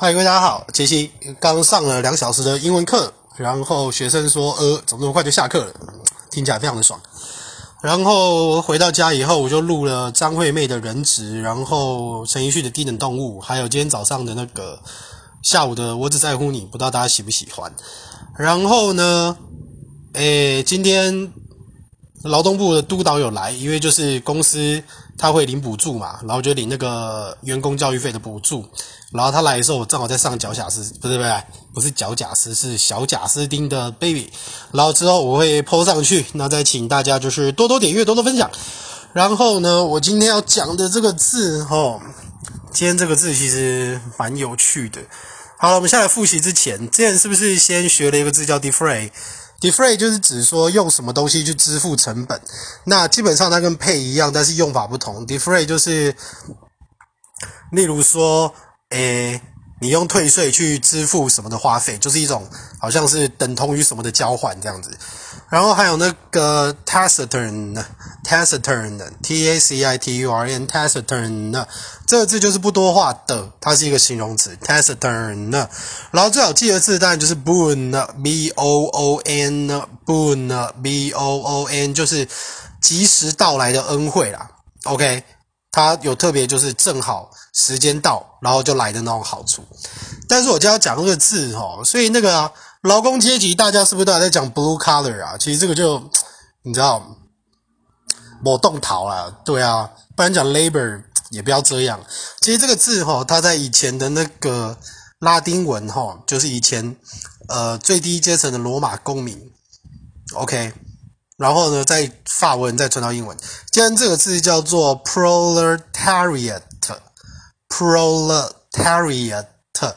嗨，Hi, 各位大家好，傑西剛上了兩小時的英文課，然後學生說呃，怎麼這麼快就下課了？聽起來非常的爽。然後回到家以後，我就錄了張惠妹的《人質》，然後陳奕迅的《低等動物》，還有今天早上的那個下午的《我只在乎你》，不知道大家喜不喜歡。然後呢，誒，今天。勞動部的督導有來，因為就是公司他會領補助嘛，然後就領那個員工教育費的補助。然後他來的時候，我正好在上腳假絲，不是，不對，不是腳假絲，是小賈斯汀的 baby。然後之後我會 PO 上去，那再請大家就是多多點閱、多多分享。然後呢，我今天要講的這個字哦，今天這個字其實蠻有趣的。好了，我們下來複習之前，之前是不是先學了一個字叫 defray？defray 就是指說用什麼東西去支付成本，那基本上它跟 pay 一樣，但是用法不同。defray 就是，例如說，誒、欸，你用退稅去支付什麼的花費，就是一種好像是等同於什麼的交換這樣子。然後還有那個 taciturn，taciturn，t a c i t u r n，taciturn，這個字就是不多話的，它是一個形容詞。taciturn，然後最好記的字當然就是 boon，b o o n，boon，b o o n，就是及時到來的恩惠啦。OK，它有特別就是正好時間到，然後就來的那種好處。但是我就要講這個字哦，所以那個啊。勞工階級，大家是不是都還在講 blue collar 啊？其實這個就，你知道，我動桃啊。對啊，不然講 labor 也不要這樣。其實這個字哈，它在以前的那個拉丁文哈，就是以前呃最低階層的羅馬公民。OK，然後呢，在法文再傳到英文，既然這個字叫做 proletariat，proletariat pro。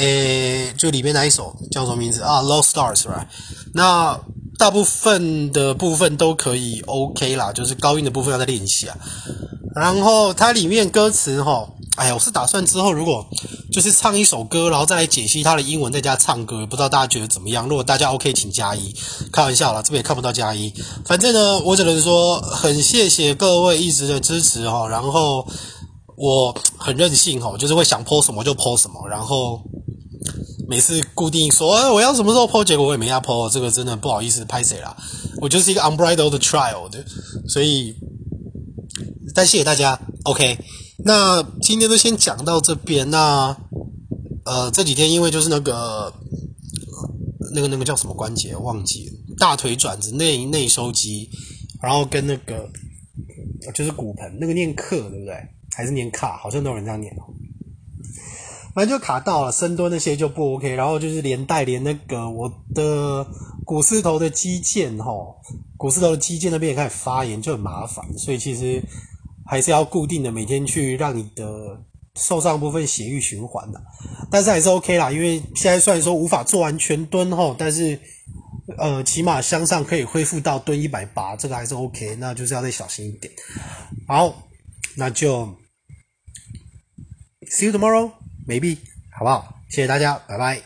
誒，就裡面那一首叫什麼名字啊？Ah,《Lost Stars》是吧？那大部分的部分都可以 OK 啦，就是高音的部分要再練習啊。然後它裡面歌詞吼，哎呀，我是打算之後如果就是唱一首歌，然後再來解析它的英文，在家唱歌，不知道大家覺得怎麼樣？如果大家 OK，請加一。開玩笑啦，這邊也看不到加一。反正呢，我只能說很謝謝各位一直的支持哈。然後我很任性吼，就是會想 PO 什麼就 PO 什麼，然後。每次固定說、哎、我要什麼時候剖，結果我也沒剖，這個真的不好意思拍誰啦。我就是一個 umbrella d trial 的，所以，但謝謝大家。OK，那今天就先講到這邊。那呃，這幾天因為就是那個那個、那個、那個叫什麼關節忘記了，大腿轉子內內收肌，然後跟那個就是骨盆那個念克對不對？還是念卡？好像都有人這樣念哦。反正就卡到了，深蹲那些就不 OK，然後就是連帶連那個我的股四頭的肌腱吼，股四頭的肌腱那邊也開始發炎，就很麻煩，所以其實還是要固定的每天去讓你的受傷部分血液循環的，但是還是 OK 啦，因為現在雖然說無法做完全蹲吼，但是呃起碼向上可以恢復到蹲一百八，這個還是 OK，那就是要再小心一點。好，那就 see you tomorrow。沒幣，Maybe, 好不好？謝謝大家，拜拜。